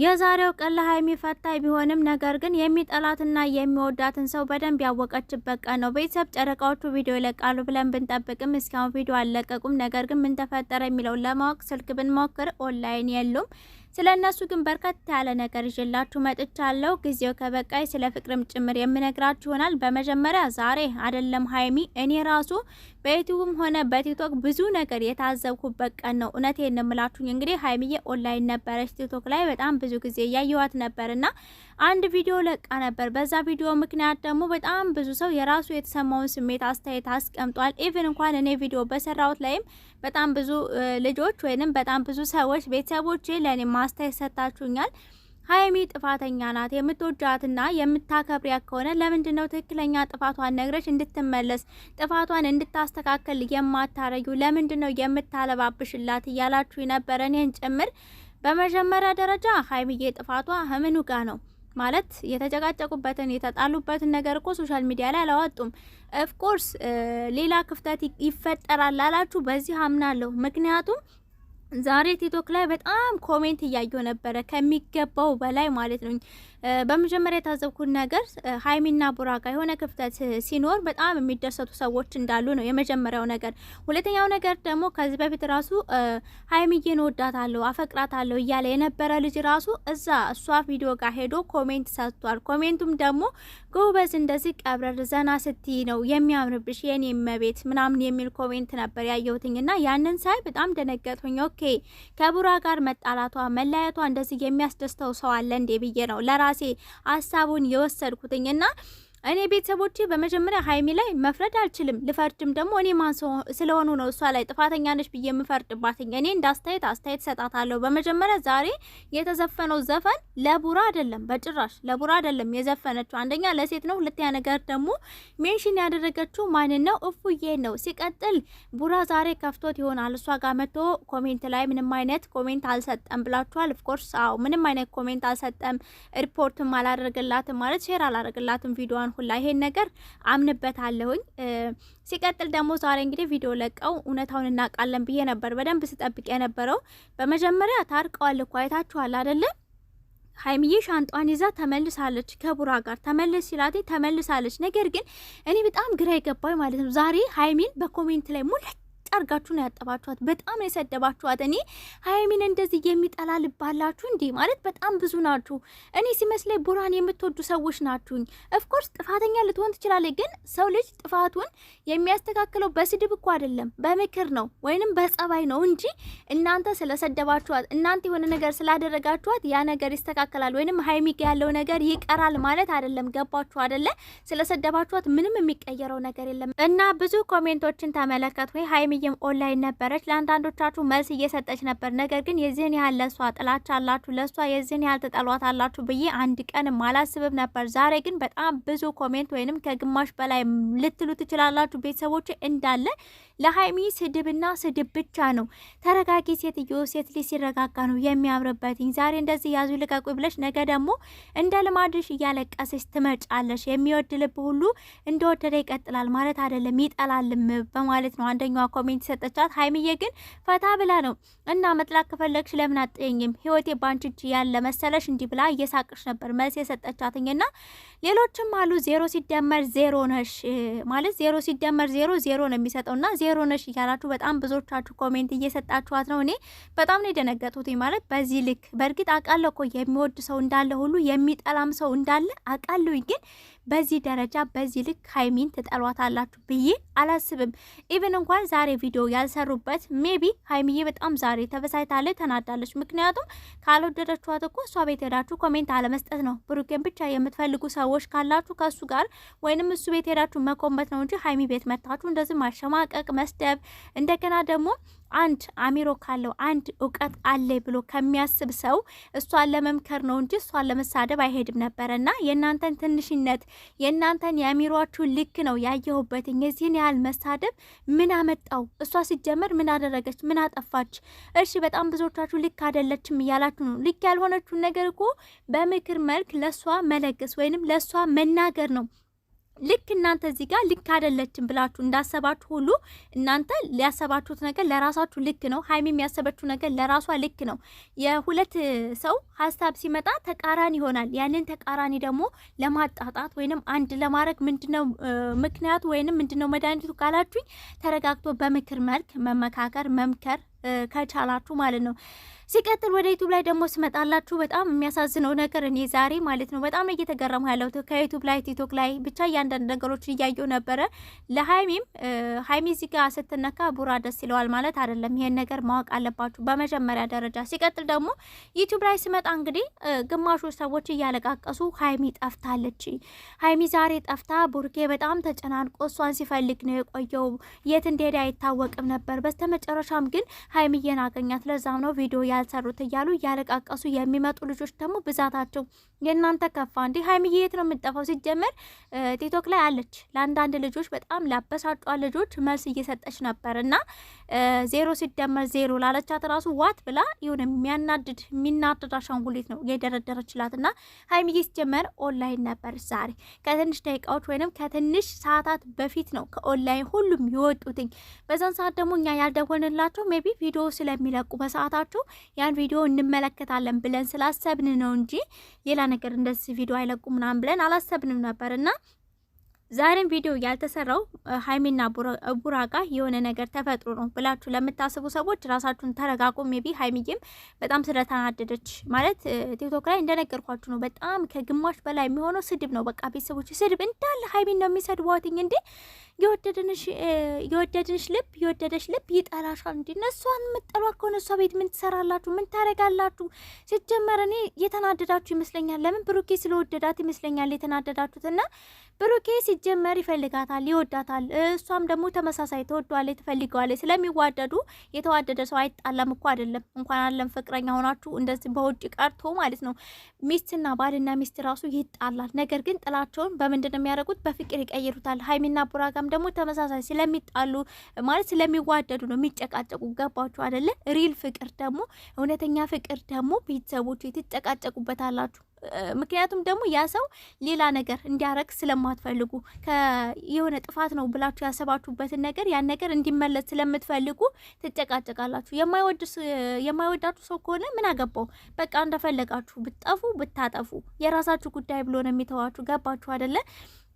የዛሬው ቀን ለሀይሚ ፈታኝ ቢሆንም ነገር ግን የሚጠላትና የሚወዳትን ሰው በደንብ ያወቀችበት ቀን ነው። ቤተሰብ ጨረቃዎቹ ቪዲዮ ይለቃሉ ብለን ብንጠብቅም እስካሁን ቪዲዮ አልለቀቁም። ነገር ግን ምን ተፈጠረ የሚለው ለማወቅ ስልክ ብንሞክር ኦንላይን የሉም። ስለ እነሱ ግን በርከት ያለ ነገር ይዤላችሁ መጥቻለሁ። ጊዜው ከበቃይ ስለ ፍቅርም ጭምር የምነግራችሁ ይሆናል። በመጀመሪያ ዛሬ አይደለም ሀይሚ፣ እኔ ራሱ በዩቲዩብም ሆነ በቲክቶክ ብዙ ነገር የታዘብኩበት ቀን ነው። እውነቴን ነው እንግዲህ ሀይሚዬ ኦንላይን ነበረች፣ ቲክቶክ ላይ በጣም ብዙ ጊዜ እያየዋት ነበርና አንድ ቪዲዮ ለቃ ነበር። በዛ ቪዲዮ ምክንያት ደግሞ በጣም ብዙ ሰው የራሱ የተሰማውን ስሜት አስተያየት አስቀምጧል። ኢቭን እንኳን እኔ ቪዲዮ በሰራሁት ላይም በጣም ብዙ ልጆች ወይንም በጣም ብዙ ሰዎች ቤተሰቦቼ ለእኔ ማስተያየት ሰጥታችሁኛል። ሀይሚ ጥፋተኛ ናት። የምትወጃትና የምታከብሪያት ከሆነ ለምንድን ነው ትክክለኛ ጥፋቷን ነግረሽ እንድትመለስ ጥፋቷን እንድታስተካከል የማታረጊው? ለምንድን ነው የምታለባብሽላት? እያላችሁ ነበረ እኔን ጭምር። በመጀመሪያ ደረጃ ሀይሚዬ ጥፋቷ ህምኑ ጋ ነው ማለት የተጨቃጨቁበትን የተጣሉበትን ነገር እኮ ሶሻል ሚዲያ ላይ አላወጡም። ኦፍኮርስ ሌላ ክፍተት ይፈጠራል አላችሁ፣ በዚህ አምናለሁ። ምክንያቱም ዛሬ ቲክቶክ ላይ በጣም ኮሜንት እያየሁ ነበረ ከሚገባው በላይ ማለት ነው። በመጀመሪያ የታዘብኩት ነገር ሀይሚና ቡራጋ የሆነ ክፍተት ሲኖር በጣም የሚደሰቱ ሰዎች እንዳሉ ነው የመጀመሪያው ነገር። ሁለተኛው ነገር ደግሞ ከዚህ በፊት ራሱ ሀይሚዬን ወዳታለሁ፣ አፈቅራታለሁ እያለ የነበረ ልጅ ራሱ እዛ እሷ ቪዲዮ ጋር ሄዶ ኮሜንት ሰጥቷል። ኮሜንቱም ደግሞ ጎበዝ፣ እንደዚህ ቀብረር ዘና ስቲ ነው የሚያምርብሽ የኔ መቤት ምናምን የሚል ኮሜንት ነበር ያየሁትኝ እና ያንን ሳይ በጣም ደነገጥኩኝ። ኦኬ ከቡራ ጋር መጣላቷ መለያየቷ እንደዚህ የሚያስደስተው ሰው አለ እንዴ ብዬ ነው ለራ ራሴ ሀሳቡን የወሰድኩትኝ እና እኔ ቤተሰቦቼ በመጀመሪያ ሀይሚ ላይ መፍረድ አልችልም። ልፈርድም ደግሞ እኔ ማን ስለሆኑ ነው እሷ ላይ ጥፋተኛ ነች ብዬ የምፈርድባትኝ? እኔ እንደ አስተያየት አስተያየት ሰጣታለሁ። በመጀመሪያ ዛሬ የተዘፈነው ዘፈን ለቡራ አይደለም፣ በጭራሽ ለቡራ አይደለም የዘፈነችው። አንደኛ ለሴት ነው፣ ሁለተኛ ነገር ደግሞ ሜንሽን ያደረገችው ማንን ነው? እፉዬ ነው። ሲቀጥል ቡራ ዛሬ ከፍቶት ይሆናል እሷ ጋር መጥቶ ኮሜንት ላይ ምንም አይነት ኮሜንት አልሰጠም ብላችኋል። ኦፍኮርስ አዎ፣ ምንም አይነት ኮሜንት አልሰጠም፣ ሪፖርትም አላደረግላትም ማለት ሼር አላደረግላትም ቪዲዮ ሁላ ይሄን ነገር አምንበታለሁኝ። ሲቀጥል ደግሞ ዛሬ እንግዲህ ቪዲዮ ለቀው እውነታውን እናውቃለን ብዬ ነበር በደንብ ስጠብቅ የነበረው። በመጀመሪያ ታርቀዋል እኮ አይታችኋል አይደለም? ሀይሚዬ ሻንጧን ይዛ ተመልሳለች፣ ከቡራ ጋር ተመልስ ሲላት ተመልሳለች። ነገር ግን እኔ በጣም ግራ የገባኝ ማለት ነው ዛሬ ሀይሚን በኮሜንት ላይ ሙለት አርጋችሁ ነው ያጠባችኋት። በጣም የሰደባችኋት። እኔ ሀይሚን እንደዚህ የሚጠላ እንዴ? ማለት በጣም ብዙ ናችሁ። እኔ ሲመስለኝ ቡራን የምትወዱ ሰዎች ናችሁኝ። ኦፍኮርስ ጥፋተኛ ልትሆን ትችላለች፣ ግን ሰው ልጅ ጥፋቱን የሚያስተካክለው በስድብ እኮ አይደለም፣ በምክር ነው ወይንም በጸባይ ነው እንጂ እናንተ ስለሰደባችኋት፣ እናንተ የሆነ ነገር ስላደረጋችኋት ያ ነገር ይስተካከላል ወይንም ሀይሚ ጋ ያለው ነገር ይቀራል ማለት አይደለም። ገባችሁ አይደለ? ስለሰደባችኋት ምንም የሚቀየረው ነገር የለም እና ብዙ ኮሜንቶችን ተመለከት ወይ ሀይሚ ሀይሚዬም ኦንላይን ነበረች፣ ለአንዳንዶቻችሁ መልስ እየሰጠች ነበር። ነገር ግን የዚህን ያህል ለሷ ጥላቻ አላችሁ፣ ለሷ የዚህን ያህል ተጠሏት አላችሁ ብዬ አንድ ቀን አላስብም ነበር። ዛሬ ግን በጣም ብዙ ኮሜንት ወይንም ከግማሽ በላይ ልትሉ ትችላላችሁ ቤተሰቦች እንዳለ ለሀይሚ ስድብና ስድብ ብቻ ነው። ተረጋጊ ሴትዮ፣ ሴት ልጅ ሲረጋጋ ነው የሚያምርበትኝ። ዛሬ እንደዚህ ያዙ ልቀቁ ብለሽ ነገ ደግሞ እንደ ልማድሽ እያለቀሰች ትመጫለሽ። የሚወድ ልብ ሁሉ እንደወደደ ይቀጥላል ማለት አይደለም ይጠላልም በማለት ነው አንደኛዋ ኮሜንት ኮሜንት ሰጠቻት። ሀይሚዬ ግን ፈታ ብላ ነው እና መጥላት ከፈለግሽ ለምን አጠየኝም ህይወቴ ባንቺ እጅ ያለ መሰለሽ እንዲህ ብላ እየሳቅሽ ነበር መልስ የሰጠቻትኝ። ና ሌሎችም አሉ ዜሮ ሲደመር ዜሮ ነሽ ማለት ዜሮ ሲደመር ዜሮ ዜሮ ነው የሚሰጠው ና ዜሮ ነሽ እያላችሁ በጣም ብዙዎቻችሁ ኮሜንት እየሰጣችኋት ነው። እኔ በጣም ነው የደነገጥኩት ማለት በዚህ ልክ በእርግጥ አቃለኮ የሚወድ ሰው እንዳለ ሁሉ የሚጠላም ሰው እንዳለ አቃለኝ ግን በዚህ ደረጃ በዚህ ልክ ሀይሚን ትጠሏታላችሁ ብዬ አላስብም። ኢቨን እንኳን ዛሬ ቪዲዮ ያልሰሩበት ሜቢ ሀይሚዬ በጣም ዛሬ ተበሳይታለች፣ ተናዳለች። ምክንያቱም ካልወደዳችኋት እኮ እሷ ቤት ሄዳችሁ ኮሜንት አለመስጠት ነው። ብሩኬን ብቻ የምትፈልጉ ሰዎች ካላችሁ ከእሱ ጋር ወይንም እሱ ቤት ሄዳችሁ መኮመት ነው እንጂ ሀይሚ ቤት መታችሁ እንደዚህ ማሸማቀቅ፣ መስደብ እንደገና ደግሞ አንድ አሚሮ ካለው አንድ እውቀት አለ ብሎ ከሚያስብ ሰው እሷን ለመምከር ነው እንጂ እሷን ለመሳደብ አይሄድም ነበረ እና የእናንተን ትንሽነት የእናንተን የአሚሯችሁ ልክ ነው ያየሁበትኝ። የዚህን ያህል መሳደብ ምን አመጣው? እሷ ሲጀመር ምን አደረገች? ምን አጠፋች? እሺ በጣም ብዙዎቻችሁ ልክ አይደለችም እያላችሁ ነው። ልክ ያልሆነችውን ነገር እኮ በምክር መልክ ለእሷ መለገስ ወይንም ለእሷ መናገር ነው። ልክ እናንተ እዚህ ጋር ልክ አይደለችም ብላችሁ እንዳሰባችሁ ሁሉ እናንተ ሊያሰባችሁት ነገር ለራሳችሁ ልክ ነው። ሀይሚ የሚያሰበችው ነገር ለራሷ ልክ ነው። የሁለት ሰው ሀሳብ ሲመጣ ተቃራኒ ይሆናል። ያንን ተቃራኒ ደግሞ ለማጣጣት ወይንም አንድ ለማድረግ ምንድነው ምክንያቱ ወይንም ምንድነው መድኃኒቱ ካላችሁኝ፣ ተረጋግቶ በምክር መልክ መመካከር መምከር ከቻላችሁ ማለት ነው። ሲቀጥል ወደ ዩቱብ ላይ ደግሞ ስመጣላችሁ በጣም የሚያሳዝነው ነገር እኔ ዛሬ ማለት ነው በጣም እየተገረሙ ያለው ከዩቱብ ላይ ቲክቶክ ላይ ብቻ እያንዳንድ ነገሮች እያየው ነበረ። ለሀይሚም ሀይሚ ዚጋ ስትነካ ቡራ ደስ ይለዋል ማለት አይደለም። ይሄን ነገር ማወቅ አለባችሁ በመጀመሪያ ደረጃ። ሲቀጥል ደግሞ ዩቱብ ላይ ስመጣ እንግዲህ ግማሹ ሰዎች እያለቃቀሱ ሀይሚ ጠፍታለች፣ ሀይሚ ዛሬ ጠፍታ፣ ቡርኬ በጣም ተጨናንቆ እሷን ሲፈልግ ነው የቆየው። የት እንደሄደ አይታወቅም ነበር። በስተመጨረሻም ግን ሀይሚዬን አገኛት። ለዛም ነው ቪዲዮ ያልሰሩት እያሉ እያለቃቀሱ የሚመጡ ልጆች ደግሞ ብዛታቸው የእናንተ ከፋ። እንዲህ ሀይሚዬ የት ነው የምጠፋው? ሲጀመር ቲክቶክ ላይ አለች። ለአንዳንድ ልጆች በጣም ላበሳጯ ልጆች መልስ እየሰጠች ነበር እና ዜሮ ሲደመር ዜሮ ላለቻት ራሱ ዋት ብላ የሆነ የሚያናድድ የሚናድድ አሻንጉሊት ነው የደረደረችላት እና ሀይሚዬ ሲጀመር ኦንላይን ነበር ዛሬ ከትንሽ ደቂቃዎች ወይንም ከትንሽ ሰዓታት በፊት ነው ከኦንላይን ሁሉም የወጡትኝ። በዛን ሰዓት ደግሞ እኛ ያልደወልንላቸው ሜቢ ቪዲዮ ስለሚለቁ በሰዓታቸው ያን ቪዲዮ እንመለከታለን ብለን ስላሰብን ነው እንጂ ሌላ ነገር እንደዚህ ቪዲዮ አይለቁም ምናምን ብለን አላሰብንም ነበር እና ዛሬም ቪዲዮ ያልተሰራው ሀይሚና ቡራ ጋር የሆነ ነገር ተፈጥሮ ነው ብላችሁ ለምታስቡ ሰዎች ራሳችሁን ተረጋጉ። ሜቢ ሀይሚዬም በጣም ስለተናደደች ማለት ቲክቶክ ላይ እንደነገርኳችሁ ነው። በጣም ከግማሽ በላይ የሚሆነው ስድብ ነው። በቃ ቤተሰቦች ስድብ እንዳለ ሀይሚን ነው የሚሰድቧትኝ። እንዴ የወደድንሽ ልብ የወደደሽ ልብ ይጠላሻል። እንዲ እነሷን የምጠሏ ከሆነ እሷ ቤት ምን ትሰራላችሁ? ምን ታደርጋላችሁ? ሲጀመር እኔ የተናደዳችሁ ይመስለኛል። ለምን ብሩኬ ስለወደዳት ይመስለኛል የተናደዳችሁት እና ብሩኬ ሲጀመር ይፈልጋታል፣ ይወዳታል። እሷም ደግሞ ተመሳሳይ ትወዷለች፣ ትፈልገዋለች። ስለሚዋደዱ የተዋደደ ሰው አይጣላም እኮ አይደለም። እንኳን አለም ፍቅረኛ ሆናችሁ እንደዚህ በውጭ ቀርቶ ማለት ነው። ሚስትና ባልና ሚስት ራሱ ይጣላል። ነገር ግን ጥላቸውን በምንድን የሚያደርጉት? በፍቅር ይቀይሩታል። ሀይሚና ቡራጋም ደግሞ ተመሳሳይ ስለሚጣሉ ማለት ስለሚዋደዱ ነው የሚጨቃጨቁ። ገባችሁ አይደለ? ሪል ፍቅር ደግሞ እውነተኛ ፍቅር ደግሞ ቤተሰቦቹ ትጨቃጨቁበታላችሁ። ምክንያቱም ደግሞ ያ ሰው ሌላ ነገር እንዲያረግ ስለማትፈልጉ የሆነ ጥፋት ነው ብላችሁ ያሰባችሁበትን ነገር ያን ነገር እንዲመለስ ስለምትፈልጉ ትጨቃጨቃላችሁ። የማይወዳችሁ ሰው ከሆነ ምን አገባው፣ በቃ እንደፈለጋችሁ ብትጠፉ ብታጠፉ የራሳችሁ ጉዳይ ብሎ ነው የሚተዋችሁ። ገባችሁ አደለ?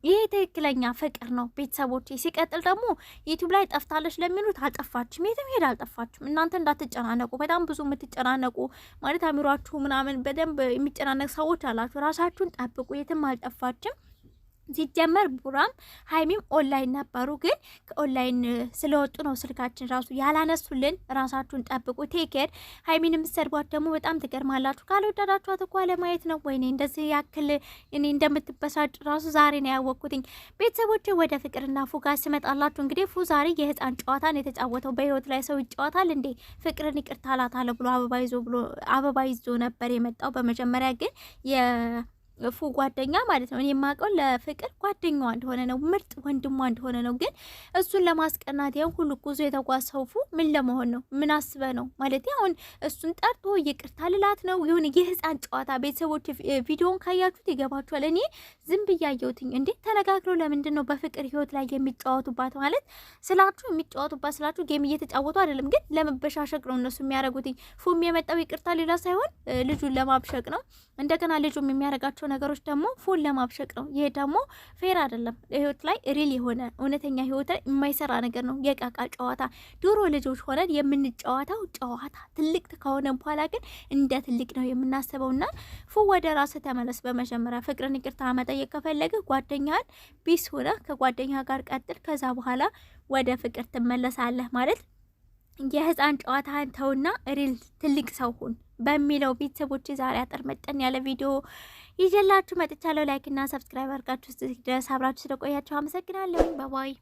ይሄ ትክክለኛ ፍቅር ነው ቤተሰቦች። ሲቀጥል ደግሞ ዩቲዩብ ላይ ጠፍታለች ለሚሉት አልጠፋችም፣ የትም ሄድ አልጠፋችም። እናንተ እንዳትጨናነቁ። በጣም ብዙ የምትጨናነቁ ማለት አሚሯችሁ ምናምን በደንብ የሚጨናነቅ ሰዎች አላችሁ። ራሳችሁን ጠብቁ፣ የትም አልጠፋችም። ሲጀመር ቡራም ሀይሚም ኦንላይን ነበሩ፣ ግን ከኦንላይን ስለወጡ ነው ስልካችን ራሱ ያላነሱልን። ራሳችሁን ጠብቁ። ቴኬር ሀይሚን የምትሰድቧት ደግሞ በጣም ትገርማላችሁ። ካልወደዳችኋት እኮ ለማየት ነው። ወይኔ እንደዚህ ያክል እኔ እንደምትበሳጭ ራሱ ዛሬ ነው ያወቅኩትኝ። ቤተሰቦች ወደ ፍቅርና ፉጋ ጋር ስመጣላችሁ እንግዲህ ፉ ዛሬ የህፃን ጨዋታን የተጫወተው በህይወት ላይ ሰው ይጫወታል እንዴ? ፍቅርን ይቅርታላታለ ብሎ አበባ ይዞ ብሎ አበባ ይዞ ነበር የመጣው በመጀመሪያ ግን እፉ ጓደኛ ማለት ነው። እኔ የማውቀው ለፍቅር ጓደኛዋ እንደሆነ ነው፣ ምርጥ ወንድሟ እንደሆነ ነው። ግን እሱን ለማስቀናት ያን ሁሉ ጉዞ የተጓዘው ምን ለመሆን ነው? ምን አስበ ነው ማለት አሁን እሱን ጠርቶ ይቅርታ ልላት ነው? ይሁን የህፃን ጨዋታ። ቤተሰቦች ቪዲዮን ካያችሁት ይገባችኋል። እኔ ዝም ብዬ እንዴ እንዴት ተነጋግረው ለምንድን ነው በፍቅር ህይወት ላይ የሚጫወቱባት? ማለት ስላችሁ የሚጫወቱባት ስላችሁ ጌም እየተጫወቱ አይደለም፣ ግን ለመበሻሸቅ ነው እነሱ የሚያደርጉትኝ። ፉም የመጣው ይቅርታ ሌላ ሳይሆን ልጁን ለማብሸቅ ነው። እንደገና ልጁም የሚያደርጋቸው የምናያቸው ነገሮች ደግሞ ፉል ለማብሸቅ ነው። ይሄ ደግሞ ፌር አይደለም። ህይወት ላይ ሪል የሆነ እውነተኛ ህይወት ላይ የማይሰራ ነገር ነው። የቃቃ ጨዋታ ድሮ ልጆች ሆነን የምንጨዋታው ጨዋታ ትልቅ ከሆነ በኋላ ግን እንደ ትልቅ ነው የምናስበው። ና ፉ ወደ ራስ ተመለስ። በመጀመሪያ ፍቅርን ይቅርታ መጠየቅ ከፈለገ ጓደኛህን ቢስ ሆነ ከጓደኛ ጋር ቀጥል። ከዛ በኋላ ወደ ፍቅር ትመለሳለህ ማለት የህፃን ጨዋታህን ተውና ሪል ትልቅ ሰው ሁን። በሚለው ቤተሰቦች ዛሬ አጠር መጠን ያለ ቪዲዮ ይዤላችሁ መጥቻለሁ። ላይክ እና ሰብስክራይብ አድርጋችሁ ድረስ አብራችሁ ስለቆያችሁ አመሰግናለሁኝ። ባባይ